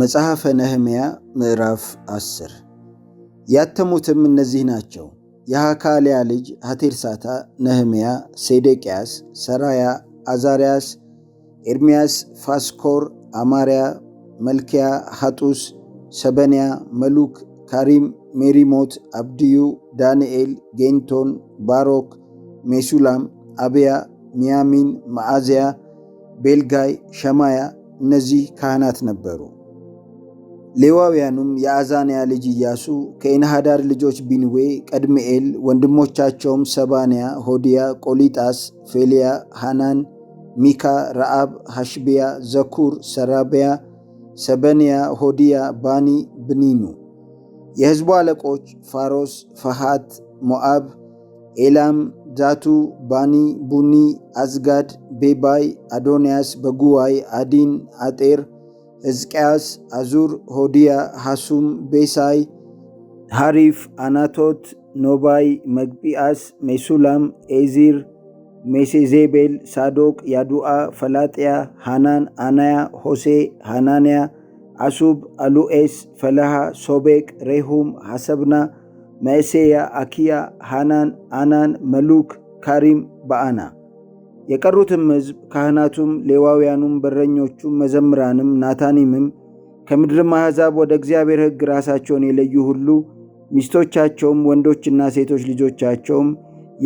መጽሐፈ ነህምያ ምዕራፍ 10 ያተሙትም እነዚህ ናቸው። የሐካልያ ልጅ ሐቴርሳታ፣ ነህምያ፣ ሴዴቅያስ፣ ሰራያ፣ አዛርያስ፣ ኤርምያስ፣ ፋስኮር፣ አማርያ፣ መልኪያ፣ ሐጡስ፣ ሰበንያ፣ መሉክ፣ ካሪም፣ ሜሪሞት፣ አብድዩ፣ ዳንኤል፣ ጌንቶን፣ ባሮክ፣ ሜሱላም፣ አብያ፣ ሚያሚን፣ መዓዝያ፣ ቤልጋይ፣ ሸማያ እነዚህ ካህናት ነበሩ። ሌዋውያኑም የአዛንያ ልጅ ኢያሱ ከኢንሃዳር ልጆች ቢንዌ፣ ቀድምኤል፣ ወንድሞቻቸውም ሰባንያ፣ ሆዲያ፣ ቆሊጣስ፣ ፌልያ፣ ሃናን፣ ሚካ፣ ረአብ፣ ሐሽቢያ፣ ዘኩር፣ ሰራቢያ፣ ሰበንያ፣ ሆዲያ፣ ባኒ፣ ብኒኑ። የሕዝቡ አለቆች ፋሮስ፣ ፈሃት፣ ሞአብ፣ ኤላም፣ ዛቱ፣ ባኒ፣ ቡኒ፣ አዝጋድ፣ ቤባይ፣ አዶንያስ፣ በጉዋይ፣ አዲን፣ አጤር ሕዝቅያስ፣ አዙር፣ ሆዲያ፣ ሐሱም፣ ቤሳይ፣ ሃሪፍ፣ አናቶት፣ ኖባይ፣ መግጲአስ፣ ሜሱላም፣ ኤዚር፣ ሜሴዜቤል፣ ሳዶቅ፣ ያዱአ፣ ፈላጥያ፣ ሃናን፣ አናያ፣ ሆሴ፣ ሃናንያ፣ አሱብ፣ አሉኤስ፣ ፈላሃ፣ ሶቤቅ፣ ሬሁም፣ ሐሰብና፣ መእሴያ፣ አኪያ፣ ሃናን፣ አናን፣ መሉክ፣ ካሪም፣ በአና የቀሩትም ሕዝብ ካህናቱም፣ ሌዋውያኑም፣ በረኞቹም፣ መዘምራንም፣ ናታኒምም ከምድርም አሕዛብ ወደ እግዚአብሔር ሕግ ራሳቸውን የለዩ ሁሉ ሚስቶቻቸውም ወንዶችና ሴቶች ልጆቻቸውም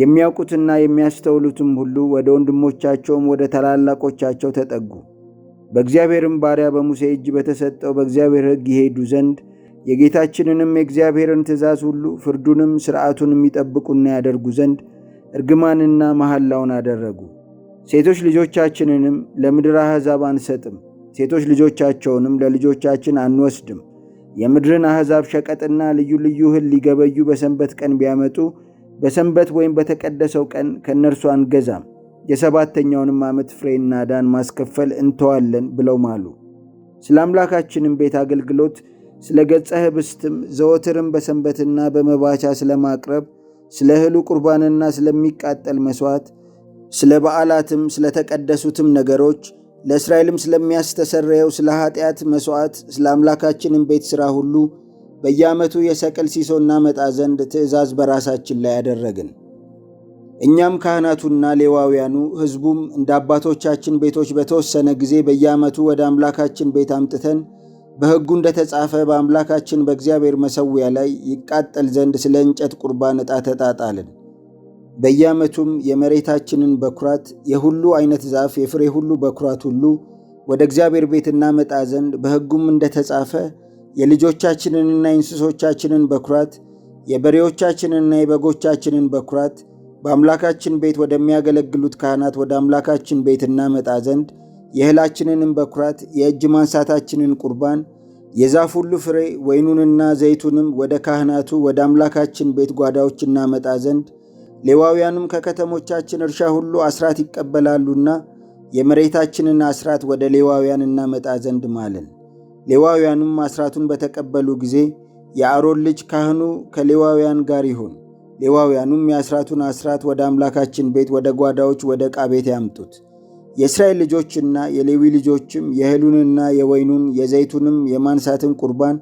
የሚያውቁትና የሚያስተውሉትም ሁሉ ወደ ወንድሞቻቸውም ወደ ታላላቆቻቸው ተጠጉ። በእግዚአብሔርም ባሪያ በሙሴ እጅ በተሰጠው በእግዚአብሔር ሕግ ይሄዱ ዘንድ የጌታችንንም የእግዚአብሔርን ትእዛዝ ሁሉ ፍርዱንም ሥርዓቱንም ይጠብቁና ያደርጉ ዘንድ እርግማንና መሐላውን አደረጉ። ሴቶች ልጆቻችንንም ለምድር አሕዛብ አንሰጥም፣ ሴቶች ልጆቻቸውንም ለልጆቻችን አንወስድም። የምድርን አሕዛብ ሸቀጥና ልዩ ልዩ እህል ሊገበዩ በሰንበት ቀን ቢያመጡ በሰንበት ወይም በተቀደሰው ቀን ከእነርሱ አንገዛም፣ የሰባተኛውንም ዓመት ፍሬና ዕዳን ማስከፈል እንተዋለን ብለው ማሉ። ስለ አምላካችንም ቤት አገልግሎት ስለ ገጸ ኅብስትም ዘወትርም በሰንበትና በመባቻ ስለማቅረብ ስለ እህሉ ቁርባንና ስለሚቃጠል መሥዋዕት ስለ በዓላትም ስለተቀደሱትም ነገሮች ለእስራኤልም ስለሚያስተሰረየው ስለ ኃጢአት መሥዋዕት ስለ አምላካችንም ቤት ሥራ ሁሉ በየዓመቱ የሰቅል ሲሶና መጣ ዘንድ ትእዛዝ በራሳችን ላይ አደረግን። እኛም ካህናቱና ሌዋውያኑ ሕዝቡም እንደ አባቶቻችን ቤቶች በተወሰነ ጊዜ በየዓመቱ ወደ አምላካችን ቤት አምጥተን በሕጉ እንደተጻፈ በአምላካችን በእግዚአብሔር መሠዊያ ላይ ይቃጠል ዘንድ ስለ እንጨት ቁርባን ዕጣ ተጣጣልን። በየዓመቱም የመሬታችንን በኩራት የሁሉ አይነት ዛፍ የፍሬ ሁሉ በኩራት ሁሉ ወደ እግዚአብሔር ቤት እናመጣ ዘንድ በሕጉም እንደተጻፈ የልጆቻችንንና የእንስሶቻችንን በኩራት የበሬዎቻችንንና የበጎቻችንን በኩራት በአምላካችን ቤት ወደሚያገለግሉት ካህናት ወደ አምላካችን ቤት እናመጣ ዘንድ የእህላችንንም በኩራት የእጅ ማንሳታችንን ቁርባን የዛፍ ሁሉ ፍሬ ወይኑንና ዘይቱንም ወደ ካህናቱ ወደ አምላካችን ቤት ጓዳዎች እናመጣ ዘንድ ሌዋውያኑም ከከተሞቻችን እርሻ ሁሉ አስራት ይቀበላሉና የመሬታችንን አስራት ወደ ሌዋውያን እናመጣ ዘንድ ማልን። ሌዋውያኑም አስራቱን በተቀበሉ ጊዜ የአሮን ልጅ ካህኑ ከሌዋውያን ጋር ይሁን። ሌዋውያኑም የአስራቱን አስራት ወደ አምላካችን ቤት ወደ ጓዳዎች ወደ ዕቃ ቤት ያምጡት። የእስራኤል ልጆችና የሌዊ ልጆችም የእህሉንና የወይኑን የዘይቱንም የማንሳትን ቁርባን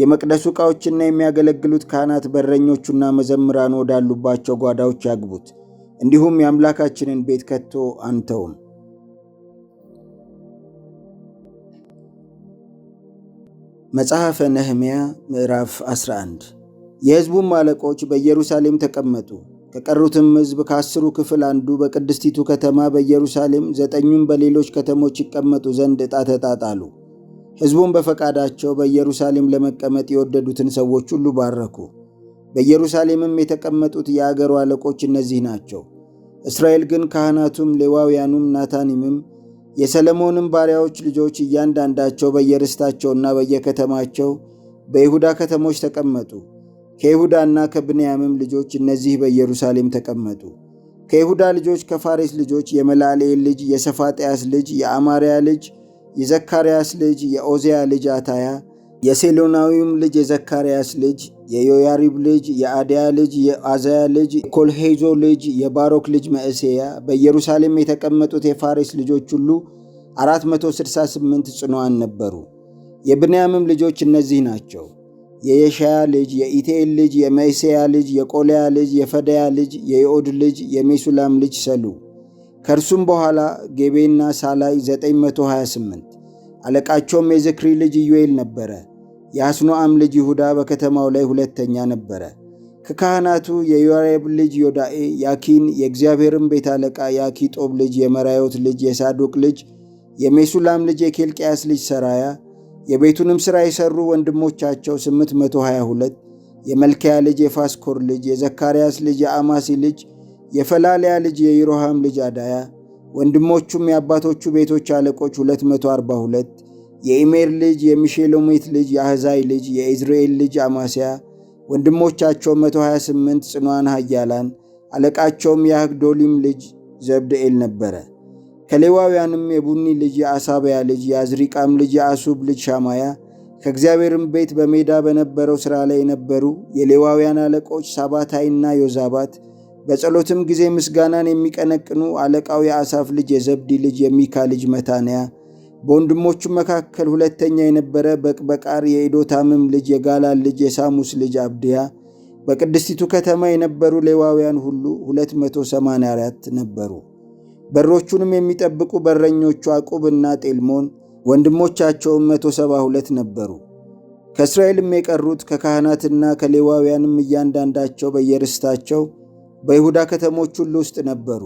የመቅደሱ ዕቃዎችና የሚያገለግሉት ካህናት በረኞቹና መዘምራን ወዳሉባቸው ጓዳዎች ያግቡት። እንዲሁም የአምላካችንን ቤት ከቶ አንተውም። መጽሐፈ ነህምያ ምዕራፍ 11 የሕዝቡም አለቆች በኢየሩሳሌም ተቀመጡ። ከቀሩትም ሕዝብ ከአስሩ ክፍል አንዱ በቅድስቲቱ ከተማ በኢየሩሳሌም፣ ዘጠኙም በሌሎች ከተሞች ይቀመጡ ዘንድ ዕጣ ተጣጣሉ። ሕዝቡም በፈቃዳቸው በኢየሩሳሌም ለመቀመጥ የወደዱትን ሰዎች ሁሉ ባረኩ። በኢየሩሳሌምም የተቀመጡት የአገሩ አለቆች እነዚህ ናቸው። እስራኤል ግን ካህናቱም፣ ሌዋውያኑም፣ ናታኒምም የሰለሞንም ባሪያዎች ልጆች እያንዳንዳቸው በየርስታቸውና በየከተማቸው በይሁዳ ከተሞች ተቀመጡ። ከይሁዳና ከብንያምም ልጆች እነዚህ በኢየሩሳሌም ተቀመጡ። ከይሁዳ ልጆች ከፋሬስ ልጆች የመላሌ ልጅ የሰፋጥያስ ልጅ የአማርያ ልጅ የዘካርያስ ልጅ የኦዚያ ልጅ አታያ የሴሎናዊም ልጅ የዘካርያስ ልጅ የዮያሪብ ልጅ የአድያ ልጅ የአዛያ ልጅ የኮልሄዞ ልጅ የባሮክ ልጅ መእሴያ በኢየሩሳሌም የተቀመጡት የፋሬስ ልጆች ሁሉ 468 ጽኗዋን ነበሩ። የብንያምም ልጆች እነዚህ ናቸው። የየሻያ ልጅ የኢቴል ልጅ የመእሴያ ልጅ የቆልያ ልጅ የፈደያ ልጅ የዮድ ልጅ የሜሱላም ልጅ ሰሉ ከእርሱም በኋላ ጌቤና ሳላይ 928 አለቃቸውም የዝክሪ ልጅ ኢዮኤል ነበረ። የአስኖአም ልጅ ይሁዳ በከተማው ላይ ሁለተኛ ነበረ። ከካህናቱ የዮሬብ ልጅ ዮዳኤ ያኪን፣ የእግዚአብሔርን ቤት አለቃ የአኪጦብ ልጅ የመራዮት ልጅ የሳዶቅ ልጅ የሜሱላም ልጅ የኬልቅያስ ልጅ ሰራያ፣ የቤቱንም ሥራ የሠሩ ወንድሞቻቸው 822 የመልኪያ ልጅ የፋስኮር ልጅ የዘካርያስ ልጅ የአማሲ ልጅ የፈላልያ ልጅ የይሮሃም ልጅ አዳያ፣ ወንድሞቹም የአባቶቹ ቤቶች አለቆች 242 የኢሜር ልጅ የሚሼሎሜት ልጅ የአሕዛይ ልጅ የኢዝራኤል ልጅ አማስያ ወንድሞቻቸው 128 ጽኗን ኃያላን አለቃቸውም የአህዶሊም ልጅ ዘብድኤል ነበረ። ከሌዋውያንም የቡኒ ልጅ የአሳብያ ልጅ የአዝሪቃም ልጅ የአሱብ ልጅ ሻማያ ከእግዚአብሔርም ቤት በሜዳ በነበረው ሥራ ላይ የነበሩ የሌዋውያን አለቆች ሳባታይና ዮዛባት በጸሎትም ጊዜ ምስጋናን የሚቀነቅኑ አለቃው የአሳፍ ልጅ የዘብዲ ልጅ የሚካ ልጅ መታንያ በወንድሞቹ መካከል ሁለተኛ የነበረ በቅበቃር የኢዶታምም ልጅ የጋላል ልጅ የሳሙስ ልጅ አብድያ በቅድስቲቱ ከተማ የነበሩ ሌዋውያን ሁሉ 284 ነበሩ። በሮቹንም የሚጠብቁ በረኞቹ አቁብና ጤልሞን ወንድሞቻቸውም 172 ነበሩ። ከእስራኤልም የቀሩት ከካህናትና ከሌዋውያንም እያንዳንዳቸው በየርስታቸው በይሁዳ ከተሞች ሁሉ ውስጥ ነበሩ።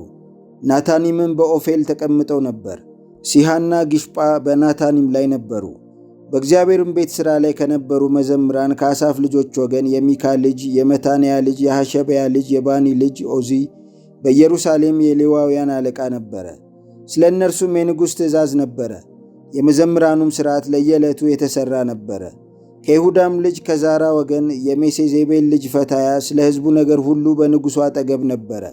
ናታኒምም በኦፌል ተቀምጠው ነበር። ሲሃና ጊሽጳ በናታኒም ላይ ነበሩ። በእግዚአብሔርም ቤት ሥራ ላይ ከነበሩ መዘምራን ከአሳፍ ልጆች ወገን የሚካ ልጅ፣ የመታንያ ልጅ፣ የሐሸበያ ልጅ፣ የባኒ ልጅ ኦዚ በኢየሩሳሌም የሌዋውያን አለቃ ነበረ። ስለ እነርሱም የንጉሥ ትእዛዝ ነበረ። የመዘምራኑም ሥርዓት ለየዕለቱ የተሠራ ነበረ። ከይሁዳም ልጅ ከዛራ ወገን የሜሴዜቤል ልጅ ፈታያ ስለ ሕዝቡ ነገር ሁሉ በንጉሡ አጠገብ ነበረ።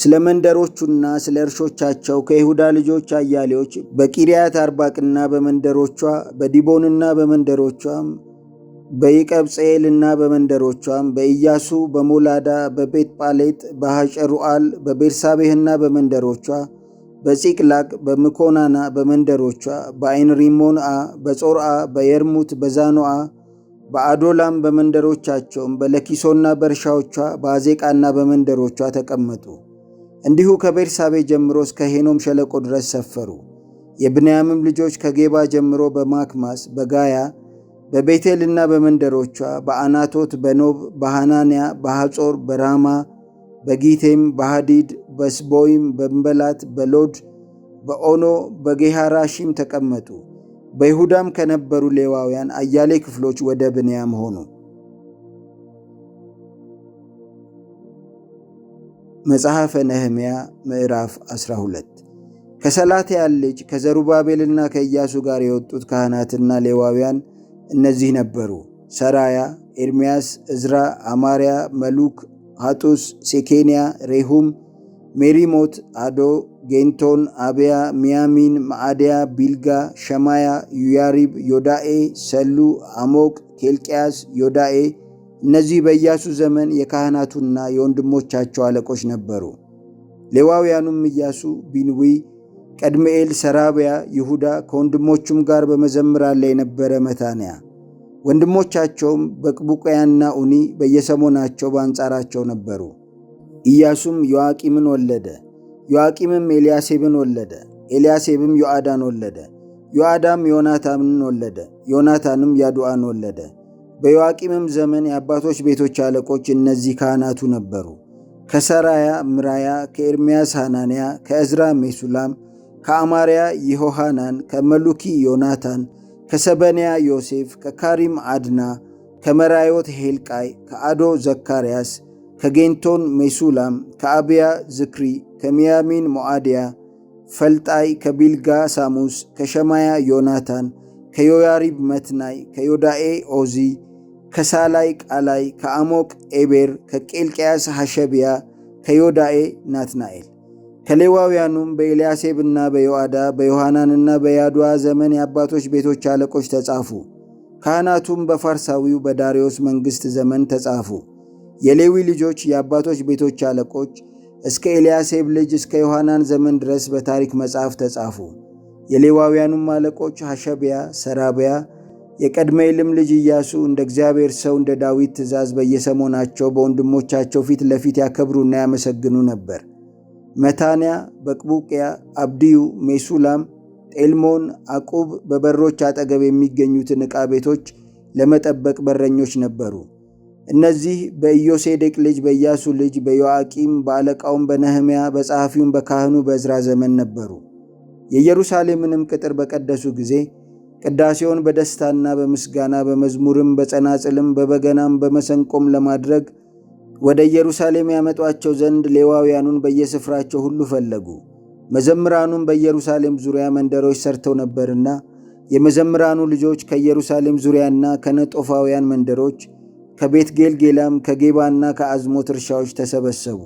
ስለ መንደሮቹና ስለ እርሾቻቸው ከይሁዳ ልጆች አያሌዎች በቂርያት አርባቅና በመንደሮቿ በዲቦንና በመንደሮቿም በይቀብጽኤልና በመንደሮቿም በኢያሱ በሞላዳ በቤት ጳሌጥ በሐጨሩአል በቤርሳቤህና በመንደሮቿ በጺቅላግ በምኮናና በመንደሮቿ በአይን ሪሞንአ በጾርአ በየርሙት በዛኖአ በአዶላም በመንደሮቻቸውም በለኪሶና በእርሻዎቿ በአዜቃና በመንደሮቿ ተቀመጡ። እንዲሁ ከቤርሳቤ ጀምሮ እስከ ሄኖም ሸለቆ ድረስ ሰፈሩ። የብንያምም ልጆች ከጌባ ጀምሮ በማክማስ በጋያ በቤቴልና በመንደሮቿ በአናቶት በኖብ በሐናንያ በሐጾር በራማ በጊቴም በሃዲድ በስቦይም በንበላት በሎድ በኦኖ በጌሃራሺም ተቀመጡ። በይሁዳም ከነበሩ ሌዋውያን አያሌ ክፍሎች ወደ ብንያም ሆኑ። መጽሐፈ ነህምያ ምዕራፍ 12 ከሰላትያል ልጅ ከዘሩባቤልና ከኢያሱ ጋር የወጡት ካህናትና ሌዋውያን እነዚህ ነበሩ፦ ሰራያ፣ ኤርምያስ፣ እዝራ፣ አማርያ፣ መሉክ፣ ሐጡስ፣ ሴኬንያ፣ ሬሁም፣ ሜሪሞት፣ አዶ፣ ጌንቶን፣ አብያ፣ ሚያሚን፣ ማዕድያ፣ ቢልጋ፣ ሸማያ፣ ዩያሪብ፣ ዮዳኤ፣ ሰሉ፣ አሞቅ፣ ኬልቅያስ፣ ዮዳኤ እነዚህ በኢያሱ ዘመን የካህናቱና የወንድሞቻቸው አለቆች ነበሩ። ሌዋውያኑም ኢያሱ፣ ቢንዊ፣ ቀድምኤል፣ ሰራቢያ፣ ይሁዳ ከወንድሞቹም ጋር በመዘምራን ላይ የነበረ መታንያ ወንድሞቻቸውም በቅቡቃያና ኡኒ በየሰሞናቸው በአንጻራቸው ነበሩ። ኢያሱም ዮአቂምን ወለደ። ዮአቂምም ኤልያሴብን ወለደ። ኤልያሴብም ዮአዳን ወለደ። ዮአዳም ዮናታንን ወለደ። ዮናታንም ያዱአን ወለደ። በዮአቂምም ዘመን የአባቶች ቤቶች አለቆች እነዚህ ካህናቱ ነበሩ። ከሰራያ ምራያ፣ ከኤርምያስ ሃናንያ፣ ከእዝራ ሜሱላም፣ ከአማርያ ይሆሃናን፣ ከመሉኪ ዮናታን ከሰበንያ ዮሴፍ፣ ከካሪም አድና፣ ከመራዮት ሄልቃይ፣ ከአዶ ዘካርያስ፣ ከጌንቶን ሜሱላም፣ ከአብያ ዝክሪ፣ ከሚያሚን ሞዓድያ፣ ፈልጣይ፣ ከቢልጋ ሳሙስ፣ ከሸማያ ዮናታን፣ ከዮያሪብ መትናይ፣ ከዮዳኤ ኦዚ፣ ከሳላይ ቃላይ፣ ከአሞቅ ኤቤር፣ ከቄልቅያስ ሐሸቢያ፣ ከዮዳኤ ናትናኤል ከሌዋውያኑም በኤልያሴብና በዮአዳ በዮሐናንና በያዱዋ ዘመን የአባቶች ቤቶች አለቆች ተጻፉ። ካህናቱም በፋርሳዊው በዳርዮስ መንግሥት ዘመን ተጻፉ። የሌዊ ልጆች የአባቶች ቤቶች አለቆች እስከ ኤልያሴብ ልጅ እስከ ዮሐናን ዘመን ድረስ በታሪክ መጽሐፍ ተጻፉ። የሌዋውያኑም አለቆች ሐሸቢያ፣ ሰራቢያ፣ ልም ልጅ ኢያሱ እንደ እግዚአብሔር ሰው እንደ ዳዊት ትእዛዝ በየሰሞናቸው በወንድሞቻቸው ፊት ለፊት ያከብሩና ያመሰግኑ ነበር። መታንያ፣ በቅቡቅያ፣ አብድዩ፣ ሜሱላም፣ ጤልሞን፣ አቁብ በበሮች አጠገብ የሚገኙትን ዕቃ ቤቶች ለመጠበቅ በረኞች ነበሩ። እነዚህ በኢዮሴዴቅ ልጅ በኢያሱ ልጅ በዮአቂም በአለቃውም በነህምያ በጸሐፊውም በካህኑ በእዝራ ዘመን ነበሩ። የኢየሩሳሌምንም ቅጥር በቀደሱ ጊዜ ቅዳሴውን በደስታና በምስጋና በመዝሙርም በጸናጽልም በበገናም በመሰንቆም ለማድረግ ወደ ኢየሩሳሌም ያመጧቸው ዘንድ ሌዋውያኑን በየስፍራቸው ሁሉ ፈለጉ። መዘምራኑም በኢየሩሳሌም ዙሪያ መንደሮች ሰርተው ነበርና የመዘምራኑ ልጆች ከኢየሩሳሌም ዙሪያና ከነጦፋውያን መንደሮች ከቤት ጌልጌላም ከጌባና ከአዝሞት እርሻዎች ተሰበሰቡ።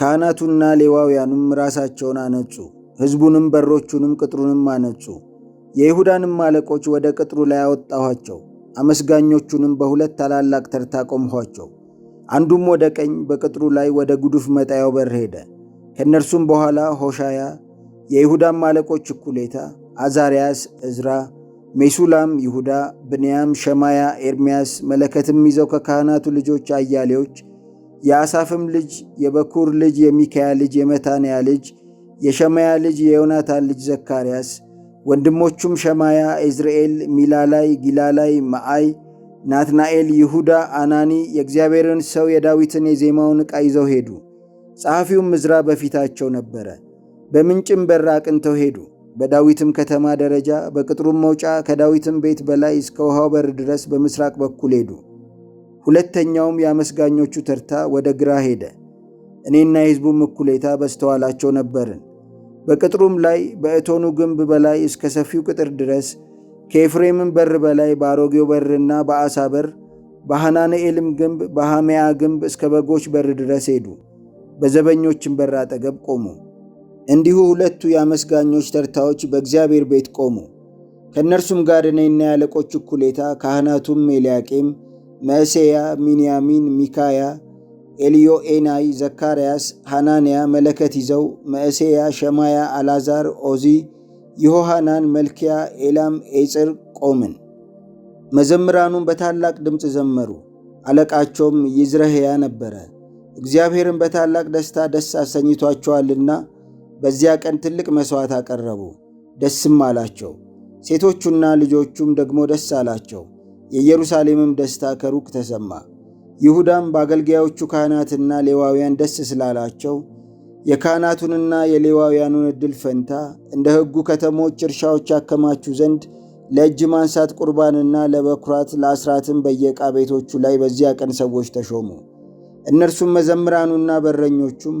ካህናቱና ሌዋውያኑም ራሳቸውን አነጹ። ሕዝቡንም በሮቹንም ቅጥሩንም አነጹ። የይሁዳንም አለቆች ወደ ቅጥሩ ላይ አወጣኋቸው። አመስጋኞቹንም በሁለት ታላላቅ ተርታ ቆምኋቸው። አንዱም ወደ ቀኝ በቅጥሩ ላይ ወደ ጉዱፍ መጣያው በር ሄደ። ከእነርሱም በኋላ ሆሻያ፣ የይሁዳም አለቆች እኩሌታ፣ አዛርያስ፣ እዝራ፣ ሜሱላም፣ ይሁዳ፣ ብንያም፣ ሸማያ፣ ኤርምያስ መለከትም ይዘው ከካህናቱ ልጆች አያሌዎች የአሳፍም ልጅ የበኩር ልጅ የሚካያ ልጅ የመታንያ ልጅ የሸማያ ልጅ የዮናታን ልጅ ዘካርያስ ወንድሞቹም ሸማያ፣ ኤዝርኤል፣ ሚላላይ፣ ጊላላይ፣ መአይ ናትናኤል፣ ይሁዳ፣ አናኒ የእግዚአብሔርን ሰው የዳዊትን የዜማውን ዕቃ ይዘው ሄዱ። ጸሐፊውም ምዝራ በፊታቸው ነበረ። በምንጭም በር አቅንተው ሄዱ። በዳዊትም ከተማ ደረጃ በቅጥሩም መውጫ ከዳዊትም ቤት በላይ እስከ ውሃው በር ድረስ በምሥራቅ በኩል ሄዱ። ሁለተኛውም የአመስጋኞቹ ተርታ ወደ ግራ ሄደ። እኔና የሕዝቡም እኩሌታ በስተኋላቸው ነበርን። በቅጥሩም ላይ በእቶኑ ግንብ በላይ እስከ ሰፊው ቅጥር ድረስ ከኤፍሬምም በር በላይ በአሮጌው በርና በአሳ በር በሐናንኤልም ግንብ በሐሜያ ግንብ እስከ በጎች በር ድረስ ሄዱ። በዘበኞችም በር አጠገብ ቆሙ። እንዲሁ ሁለቱ የአመስጋኞች ተርታዎች በእግዚአብሔር ቤት ቆሙ። ከእነርሱም ጋር እኔና ያለቆች እኩሌታ ካህናቱም ኤልያቄም፣ መእሴያ፣ ሚንያሚን፣ ሚካያ፣ ኤልዮኤናይ፣ ዘካርያስ፣ ሐናንያ መለከት ይዘው መእሴያ፣ ሸማያ፣ አላዛር፣ ኦዚ ዮሐናን፣ መልኪያ፣ ኤላም፣ ኤጽር፣ ቆምን። መዘምራኑን በታላቅ ድምፅ ዘመሩ። አለቃቸውም ይዝረሕያ ነበረ። እግዚአብሔርን በታላቅ ደስታ ደስ አሰኝቷቸዋልና በዚያ ቀን ትልቅ መሥዋዕት አቀረቡ፣ ደስም አላቸው። ሴቶቹና ልጆቹም ደግሞ ደስ አላቸው። የኢየሩሳሌምም ደስታ ከሩቅ ተሰማ። ይሁዳም በአገልጋዮቹ ካህናትና ሌዋውያን ደስ ስላላቸው የካህናቱንና የሌዋውያኑን ዕድል ፈንታ እንደ ሕጉ ከተሞች እርሻዎች ያከማችሁ ዘንድ ለእጅ ማንሳት ቁርባንና ለበኩራት ለአስራትም በየዕቃ ቤቶቹ ላይ በዚያ ቀን ሰዎች ተሾሙ። እነርሱም መዘምራኑና በረኞቹም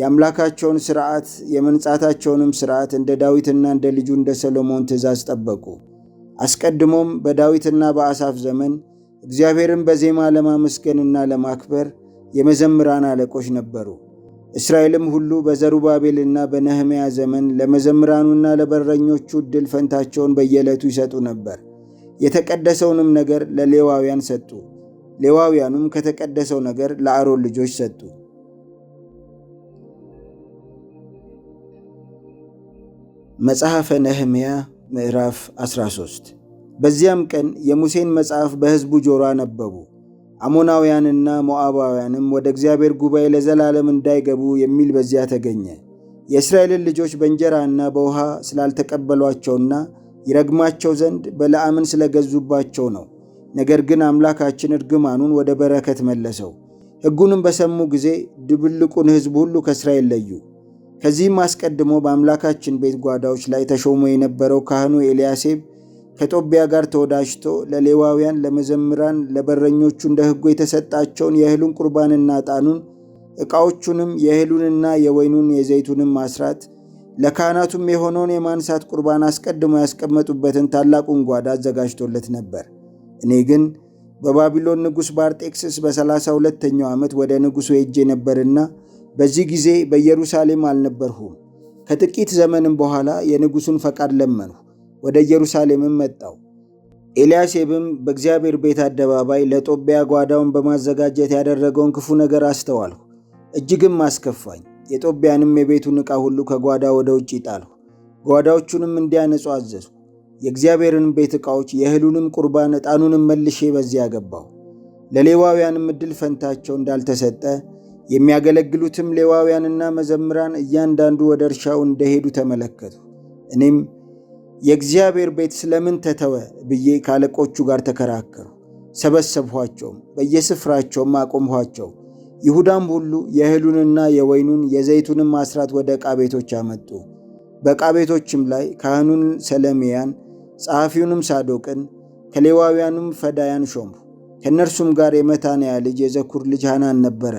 የአምላካቸውን ሥርዓት የመንጻታቸውንም ሥርዓት እንደ ዳዊትና እንደ ልጁ እንደ ሰሎሞን ትእዛዝ ጠበቁ። አስቀድሞም በዳዊትና በአሳፍ ዘመን እግዚአብሔርን በዜማ ለማመስገንና ለማክበር የመዘምራን አለቆች ነበሩ። እስራኤልም ሁሉ በዘሩባቤልና በነህምያ ዘመን ለመዘምራኑና ለበረኞቹ ዕድል ፈንታቸውን በየዕለቱ ይሰጡ ነበር። የተቀደሰውንም ነገር ለሌዋውያን ሰጡ። ሌዋውያኑም ከተቀደሰው ነገር ለአሮን ልጆች ሰጡ። መጽሐፈ ነህምያ ምዕራፍ 13 በዚያም ቀን የሙሴን መጽሐፍ በሕዝቡ ጆሮ አነበቡ። አሞናውያንና ሞዓባውያንም ወደ እግዚአብሔር ጉባኤ ለዘላለም እንዳይገቡ የሚል በዚያ ተገኘ። የእስራኤልን ልጆች በእንጀራና በውሃ ስላልተቀበሏቸውና ይረግማቸው ዘንድ በለዓምን ስለገዙባቸው ነው። ነገር ግን አምላካችን እርግማኑን ወደ በረከት መለሰው። ሕጉንም በሰሙ ጊዜ ድብልቁን ሕዝብ ሁሉ ከእስራኤል ለዩ። ከዚህም አስቀድሞ በአምላካችን ቤት ጓዳዎች ላይ ተሾሞ የነበረው ካህኑ ኤልያሴብ ከጦቢያ ጋር ተወዳጅቶ ለሌዋውያን፣ ለመዘምራን፣ ለበረኞቹ እንደ ሕጉ የተሰጣቸውን የእህሉን ቁርባንና ዕጣኑን ዕቃዎቹንም የእህሉንና የወይኑን የዘይቱንም ማስራት ለካህናቱም የሆነውን የማንሳት ቁርባን አስቀድሞ ያስቀመጡበትን ታላቁን ጓዳ አዘጋጅቶለት ነበር። እኔ ግን በባቢሎን ንጉሥ በአርጤክስስ በሰላሳ ሁለተኛው ዓመት ወደ ንጉሡ ሄጄ ነበርና በዚህ ጊዜ በኢየሩሳሌም አልነበርሁም። ከጥቂት ዘመንም በኋላ የንጉሡን ፈቃድ ለመንሁ። ወደ ኢየሩሳሌምም መጣው። ኤልያሴብም በእግዚአብሔር ቤት አደባባይ ለጦቢያ ጓዳውን በማዘጋጀት ያደረገውን ክፉ ነገር አስተዋልሁ፣ እጅግም አስከፋኝ። የጦቢያንም የቤቱን ዕቃ ሁሉ ከጓዳ ወደ ውጭ ጣልሁ። ጓዳዎቹንም እንዲያነጹ አዘዝሁ። የእግዚአብሔርን ቤት ዕቃዎች፣ የእህሉንም ቁርባን፣ ዕጣኑንም መልሼ በዚያ ገባሁ። ለሌዋውያንም ዕድል ፈንታቸው እንዳልተሰጠ የሚያገለግሉትም ሌዋውያንና መዘምራን እያንዳንዱ ወደ እርሻው እንደሄዱ ተመለከቱ። እኔም የእግዚአብሔር ቤት ስለምን ተተወ ብዬ ከአለቆቹ ጋር ተከራከሩ። ሰበሰብኋቸውም፣ በየስፍራቸውም አቆምኋቸው። ይሁዳም ሁሉ የእህሉንና የወይኑን የዘይቱንም አስራት ወደ ዕቃ ቤቶች አመጡ። በዕቃ ቤቶችም ላይ ካህኑን ሰለምያን፣ ጸሐፊውንም ሳዶቅን፣ ከሌዋውያኑም ፈዳያን ሾምሁ። ከእነርሱም ጋር የመታንያ ልጅ የዘኩር ልጅ ሐናን ነበረ።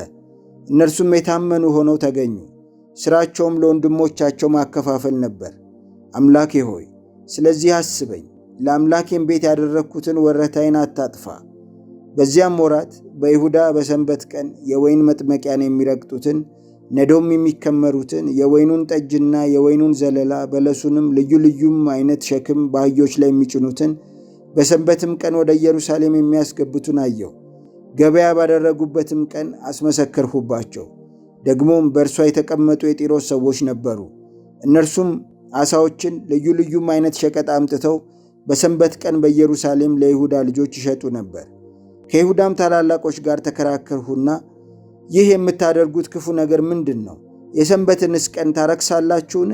እነርሱም የታመኑ ሆነው ተገኙ። ሥራቸውም ለወንድሞቻቸው ማከፋፈል ነበር። አምላኬ ሆይ ስለዚህ አስበኝ፣ ለአምላኬም ቤት ያደረግኩትን ወረታዬን አታጥፋ። በዚያም ወራት በይሁዳ በሰንበት ቀን የወይን መጥመቂያን የሚረግጡትን ነዶም የሚከመሩትን የወይኑን ጠጅና የወይኑን ዘለላ በለሱንም ልዩ ልዩም አይነት ሸክም በአህዮች ላይ የሚጭኑትን በሰንበትም ቀን ወደ ኢየሩሳሌም የሚያስገቡትን አየሁ። ገበያ ባደረጉበትም ቀን አስመሰከርሁባቸው። ደግሞም በእርሷ የተቀመጡ የጢሮስ ሰዎች ነበሩ። እነርሱም ዓሣዎችን፣ ልዩ ልዩም አይነት ሸቀጥ አምጥተው በሰንበት ቀን በኢየሩሳሌም ለይሁዳ ልጆች ይሸጡ ነበር። ከይሁዳም ታላላቆች ጋር ተከራከርሁና ይህ የምታደርጉት ክፉ ነገር ምንድን ነው? የሰንበትንስ ቀን ታረክሳላችሁን?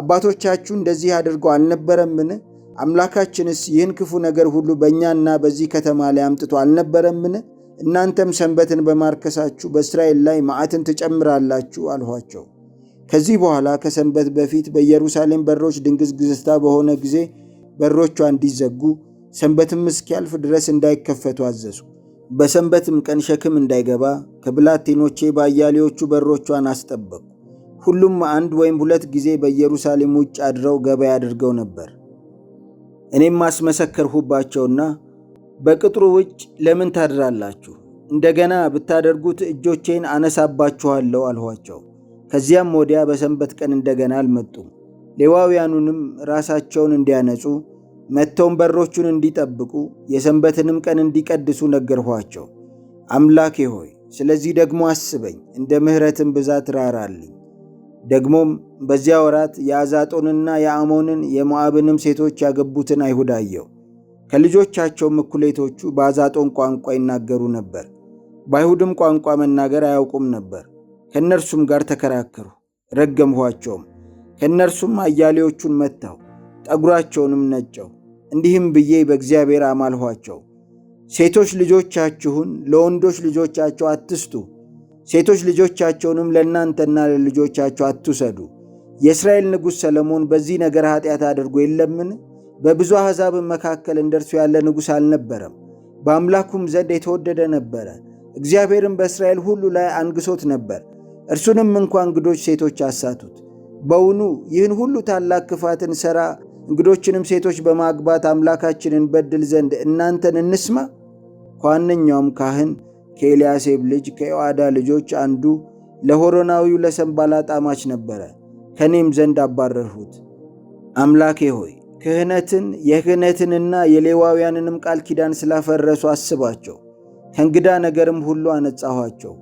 አባቶቻችሁ እንደዚህ አድርገው አልነበረምን? አምላካችንስ ይህን ክፉ ነገር ሁሉ በእኛና በዚህ ከተማ ላይ አምጥቶ አልነበረምን? እናንተም ሰንበትን በማርከሳችሁ በእስራኤል ላይ መዓትን ትጨምራላችሁ አልኋቸው። ከዚህ በኋላ ከሰንበት በፊት በኢየሩሳሌም በሮች ድንግዝ ግዝታ በሆነ ጊዜ በሮቿ እንዲዘጉ ሰንበትም እስኪያልፍ ድረስ እንዳይከፈቱ አዘዙ። በሰንበትም ቀን ሸክም እንዳይገባ ከብላቴኖቼ በአያሌዎቹ በሮቿን አስጠበቁ። ሁሉም አንድ ወይም ሁለት ጊዜ በኢየሩሳሌም ውጭ አድረው ገበያ አድርገው ነበር። እኔም አስመሰከርሁባቸውና በቅጥሩ ውጭ ለምን ታድራላችሁ? እንደገና ብታደርጉት እጆቼን አነሳባችኋለሁ አልኋቸው። ከዚያም ወዲያ በሰንበት ቀን እንደገና አልመጡ። ሌዋውያኑንም ራሳቸውን እንዲያነጹ መጥተውም በሮቹን እንዲጠብቁ የሰንበትንም ቀን እንዲቀድሱ ነገርኋቸው። አምላኬ ሆይ ስለዚህ ደግሞ አስበኝ፣ እንደ ምህረትም ብዛት ራራልኝ። ደግሞም በዚያ ወራት የአዛጦንና የአሞንን የሞዓብንም ሴቶች ያገቡትን አይሁድ አየሁ። ከልጆቻቸውም እኩሌቶቹ በአዛጦን ቋንቋ ይናገሩ ነበር፣ በአይሁድም ቋንቋ መናገር አያውቁም ነበር። ከእነርሱም ጋር ተከራከሩ፣ ረገምኋቸውም። ከእነርሱም አያሌዎቹን መታው፣ ጠጉራቸውንም ነጨው። እንዲህም ብዬ በእግዚአብሔር አማልኋቸው፣ ሴቶች ልጆቻችሁን ለወንዶች ልጆቻቸው አትስጡ፣ ሴቶች ልጆቻቸውንም ለእናንተና ለልጆቻቸው አትውሰዱ። የእስራኤል ንጉሥ ሰለሞን በዚህ ነገር ኃጢአት አድርጎ የለምን? በብዙ አሕዛብ መካከል እንደርሱ ያለ ንጉሥ አልነበረም፣ በአምላኩም ዘንድ የተወደደ ነበረ። እግዚአብሔርም በእስራኤል ሁሉ ላይ አንግሶት ነበር። እርሱንም እንኳ እንግዶች ሴቶች አሳቱት። በውኑ ይህን ሁሉ ታላቅ ክፋትን ሠራ እንግዶችንም ሴቶች በማግባት አምላካችንን በድል ዘንድ እናንተን እንስማ? ከዋነኛውም ካህን ከኤልያሴብ ልጅ ከዮአዳ ልጆች አንዱ ለሆሮናዊው ለሰንባላጥ አማች ነበረ። ከእኔም ዘንድ አባረርሁት። አምላኬ ሆይ ክህነትን የክህነትንና የሌዋውያንንም ቃል ኪዳን ስላፈረሱ አስባቸው። ከእንግዳ ነገርም ሁሉ አነጻኋቸው።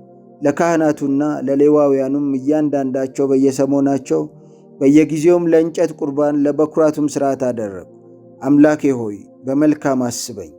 ለካህናቱና ለሌዋውያኑም እያንዳንዳቸው በየሰሞናቸው በየጊዜውም ለእንጨት ቁርባን ለበኩራቱም ሥርዓት አደረግ። አምላኬ ሆይ በመልካም አስበኝ።